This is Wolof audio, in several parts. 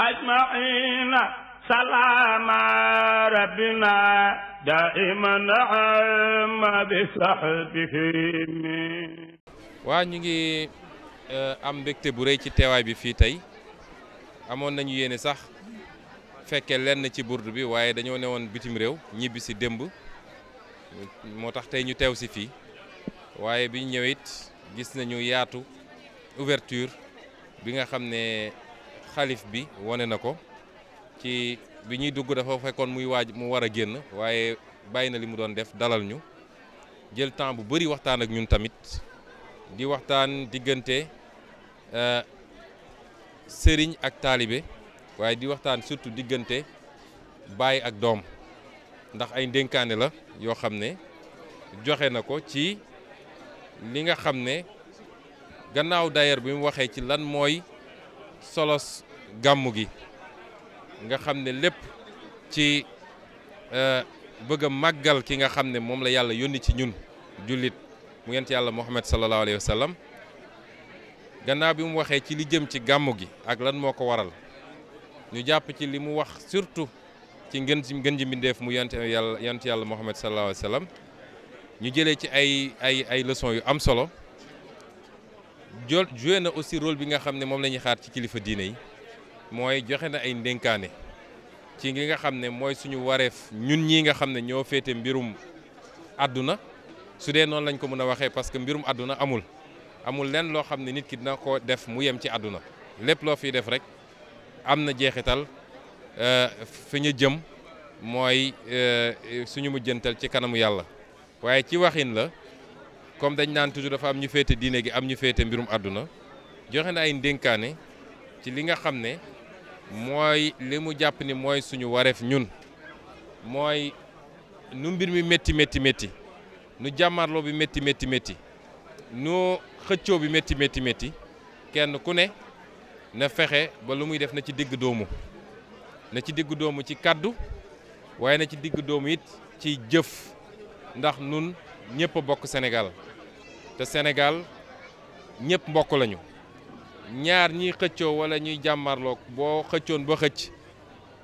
أجمعين سلام ربنا دائما نعم بصحبهم waa ñu ngi am mbégte bu rëy ci teewaay bi fii tey amoon nañu yéene sax fekkee lenn ci burdu bi waaye dañoo newoon bitim réew ñibbisi si démb moo tax tey ñu teew si fii waaye bi ñu gis nañu yaatu ouverture bi nga xam ne xalif bi wane na ko ci bi ñuy dugg dafa fekkoon muy waaj mu war a génn waaye bàyyi na li mu doon def dalal ñu jël temps bu bari waxtaan ak ñun tamit di waxtaan diggante euh, sëriñ ak taalibe waaye di waxtaan surtout diggante bàyyi ak doom ndax ay ndénkaane la yoo xam ne joxe na ko ci li nga xam ne gannaaw daayira bi mu waxee ci lan mooy solos gàmmu gi nga xam ne lépp ci euh, bëgg a màggal ki nga xam ne moom la yàlla yónni ci ñun jullit mu yent yàlla Muhammad sallallahu alayhi wa sallam gannaaw bi mu waxee ci li jëm ci gàmmu gi ak lan moo ko waral ñu jàpp ci li mu wax surtout ci ngen ci ngën ji mbindeef mu yent yàlla yent yàlla Muhammad sallallahu alayhi wa ñu jëlee ci ay ay ay leçons yu am solo jo joué na aussi role bi nga xam ne moom la ñuy xaar ci kilifa diine yi mooy joxe na ay ndénkaane ci li nga xam ne mooy suñu wareef ñun ñii nga xam ne ñoo féete mbirum àdduna su dee noonu lañ ko mën a waxee parce que mbirum àdduna amul amul lenn loo xam ne nit ki dina ko def mu yem ci àdduna lépp loo fiy def rek am na jeexital euh, fi ñu jëm mooy euh, suñu mujjantal ci kanamu yàlla waaye ci waxin la comme dañ naan toujours dafa am ñu féete diine gi am ñu féete mbirum àdduna joxe na ay ndénkaane ci li nga xam ne mooy li mu jàpp ni mooy suñu wareef ñun mooy nu mbir mi métti métti métti nu jàmmarloo bi métti métti métti nu xëccoo bi métti métti métti kenn ku ne na fexe ba lu muy def na ci digg doomu na ci digg doomu ci kàddu waaye na ci digg doomu it ci jëf ndax nun ñëpp a bokk Sénégal te senegal ñëpp mbokk lañu ñaar ñiy xëccoo wala ñuy jàmmarloog boo xëccoon ba xëcc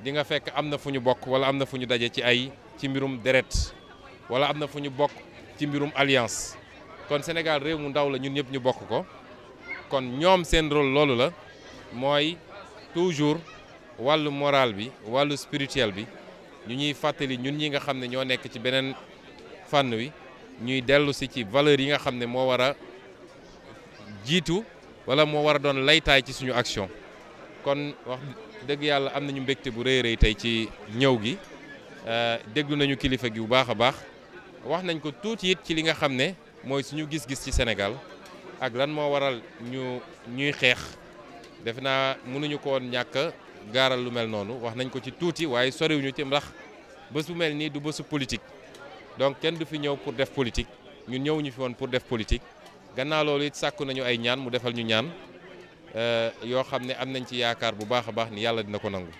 di nga fekk am na fu ñu bokk wala am na fu ñu daje ci ay ci mbirum deret wala am na fu ñu bokk ci mbirum alliance kon Sénégal réew mu ndaw la ñun ñëpp ñu bokk ko kon ñoom seen rôle loolu la mooy toujours wàllu moral bi wàllu spirituel bi ñu ñuy fàttali ñun ñi nga xam ne ñoo nekk ci beneen fànn wi ñuy dellu si ci valeurs yi nga xam ne moo war a jiitu wala mo war don lay tay ci suñu action kon wax deug yalla amna ñu mbekté bu reey reey tay ci ñew gi euh déglu nañu kilifa gi bu baaxa baax wax nañ ko tout it ci li nga xamné moy suñu gis-gis ci Sénégal ak lan mo waral ñu ñuy xex def na mënuñu ko woon ñàkk gaaral lu mel nonu wax nañ ko ci waye waaye wuñu ci ndax bëss bu mel ni du bésu politique donc kenn du fi ñew pour def politique ñun ñew ñu fi won pour def politique. gannaaw loolu it sàkku nañu ay ñaan mu defal ñu ñaan euh, yoo xam ne am nañ ci yaakaar bu baax a baax ni yàlla dina ko nangu.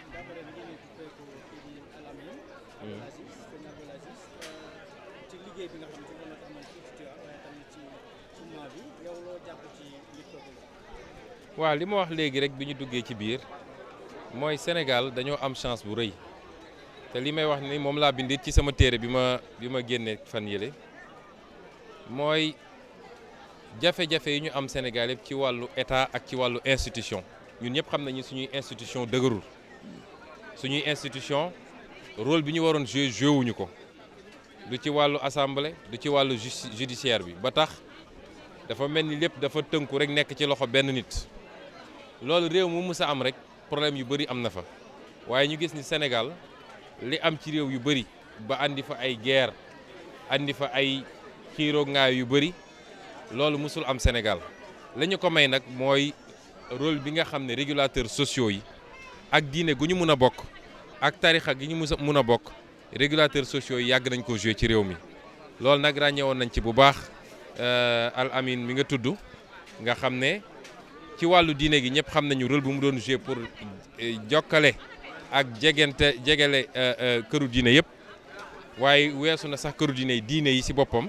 waa li ma wax léegi rek bi ñu duggee ci biir mooy Sénégal dañoo am chance bu rëy te li may wax ni moom laa bindit ci sama téere bi ma bi ma génnee fan yéle mooy jafe-jafe yi ñu am Sénégal yëpp ci wàllu état ak ci wàllu institution ñun ñëpp xam nañu suñuy institution dëgërul suñuy institution rôle bi ñu waroon joué joué wuñu ko du ci wàllu assemblée du ci wàllu judiciaire bi ba tax dafa mel ni lépp dafa tënku rek nekk ci loxo benn nit loolu réew mu mës a am rek problème yu bëri am na fa waaye ñu gis ni Sénégal li am ci réew yu bëri ba indi fa ay guerre indi fa ay xiiroo ngaay yu bëri loolu mosul am Sénégal lañu ko may nag mooy rôle bi nga xam ne régulateur sociaux yi ak diine gu ñu mun a bokk ak tarixa gi ñu mun a bokk régulateur sociaux yi yàgg nañ ko joué ci réew mi loolu nag ràññewoon nañ ci bu baax euh, Al Amin mi nga tudd nga xam ne ci wàllu diine gi ñëpp xam nañu rôle bu mu doon joué pour euh, jokkale ak jegente jegale euh, këru diine yëpp waaye weesu na sax këru diine yi diine yi si boppam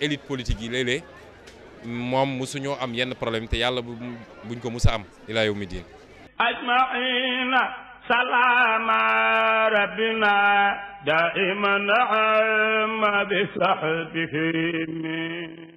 élite politique yi léeg-léeg moom mosuñoo am yenn problème te yàlla bu buñ ko musa am ilaa yow mi diin ajmaina salaama rabbina daiman ama bi sahbihi